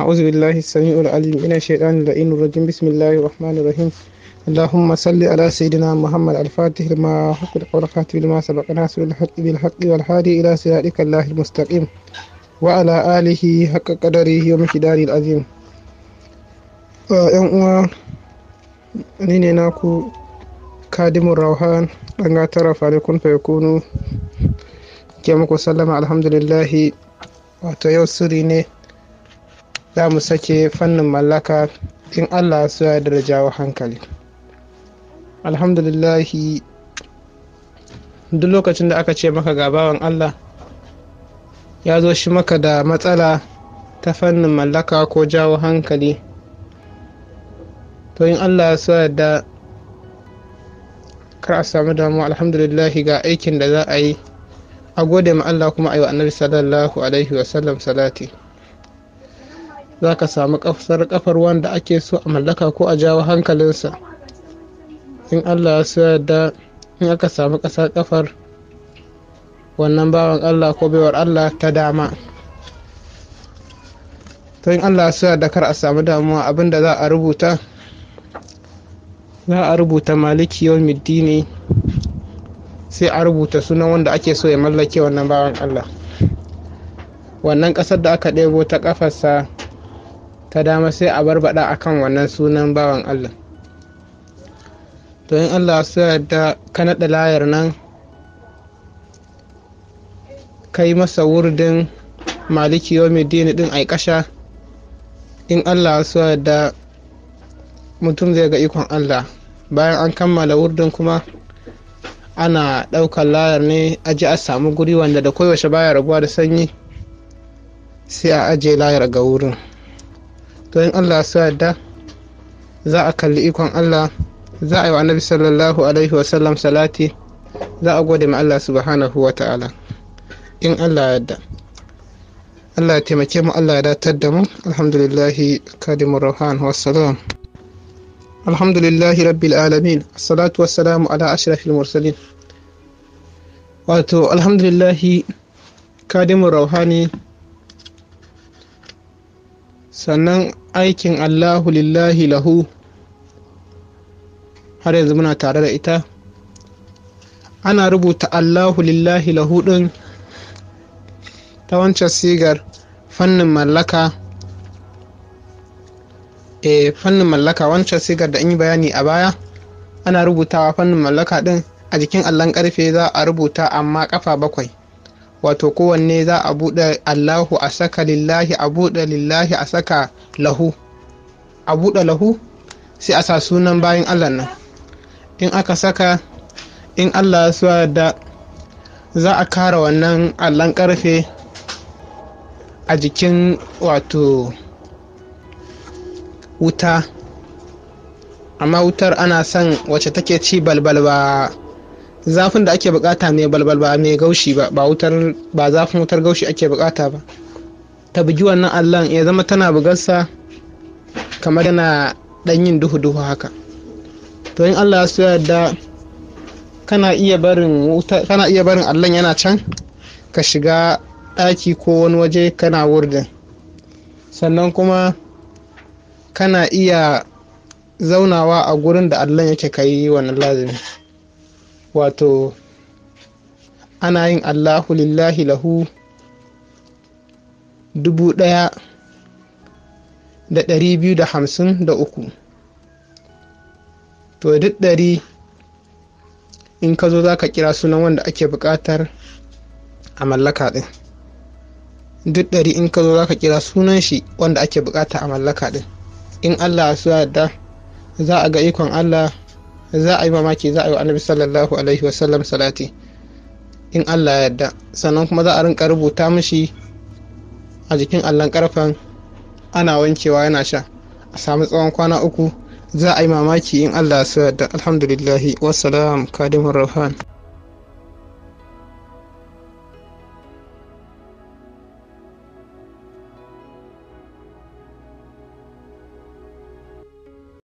أعوذ بالله السميع العليم من الشيطان اللعين الرجيم بسم الله الرحمن الرحيم اللهم صل على سيدنا محمد الفاتح لما حق القرقات بما سبق ناس الحق بالحق والهادي إلى صراطك الله المستقيم وعلى آله حق قدره ومقداره العظيم آه ni ne naku kadimun rauhan an gatara falikun fayakunu ke muku sallama alhamdulillahi wato yau siri za mu sake fannin mallaka in allah su ya da jawo hankali alhamdulillahi duk lokacin da aka ce maka gabawan allah ya zo shi maka da matsala ta fannin mallaka ko jawo hankali to in allah su da kar a samu damuwa alhamdulillahi ga aikin da za a yi a gode ma allah kuma a yi wa annabi sallallahu alaihi wasallam salati Zaka ka samu kasar kafar wanda ake so a mallaka ko a jawo hankalinsa in allah ya so da in aka samu kasar kafar wannan bawan allah ko baiwar allah ta dama ta in allah ya so da kar a samu damuwa abinda za a rubuta za a rubuta maliki yau ne sai a rubuta sunan wanda ake so ya mallake wannan bawan allah wannan kasar da aka ɗebo ta kafarsa ta dama sai a barbada akan wannan sunan bawan allah to in allah su yarda ka naɗa layar nan kai masa wurdin maliki dini din aikasha in allah su yarda mutum zai ga ikon allah bayan an kammala wurdin kuma ana ɗaukar layar ne aji a samu guri wanda da koyaushe baya rabuwa da sanyi sai a ajiye layar ga wurin to in allah su yadda za a kalli ikon allah za a yi wa annabi sallallahu alaihi wasallam salati za a gode ma allah subhanahu wa ta'ala in allah ya yadda allah ya taimake mu allah ya datar da mu alhamdulillahi kadimu wa wassalam alhamdulillahi rabbil alamin salatu wa wassalamu ala ashrafil mursalin wato alhamdulillahi kadimu rauhani sannan aikin allahu lillahi lahu har yanzu muna tare da ita ana rubuta allahu lillahi lahu ɗin ta wancan sigar fannin mallaka e fannin mallaka wancan sigar da in yi bayani a baya ana rubutawa fannin mallaka ɗin a jikin allon karfe za a rubuta amma kafa bakwai wato kowanne za a buɗe allahu a saka lillahi a buɗe lillahi a saka lahu a buɗe lahu sai a sa sunan bayan allah nan in aka saka in allah su da za a kara wannan allon karfe a jikin wato wuta amma wutar ana son wacce take ci balbal ba zafin da ake bukata mai balbal ba mai gaushi ba ba wutar ba zafin wutar gaushi ake bukata ba ta bugi wannan allon ya zama tana bugarsa kamar yana dan yin duhu duhu haka to in Allah ya so kana iya barin wuta kana iya barin allon yana can ka shiga ɗaki ko wani waje kana wurdin sannan kuma kana iya zaunawa a gurin da allon yake kai wannan lazimi wato ana yin allahu lillahi lahu dubu ɗaya da ɗari biyu da hamsin da uku to duk dari in ka zo za ka kira sunan wanda ake buƙatar a mallaka ɗin duk dari in ka zo za ka kira sunan shi wanda ake buƙata a mallaka ɗin in allah su yadda za a ga ikon allah za a yi mamaki za a yi wa annabi sallallahu alaihi wasallam salati in allah ya yarda sannan kuma za a rinka rubuta mishi a jikin allon karfen ana wankewa yana sha a samu tsawon kwana uku za a yi mamaki in allah ya yarda alhamdulillahi wasalam kadimun rahman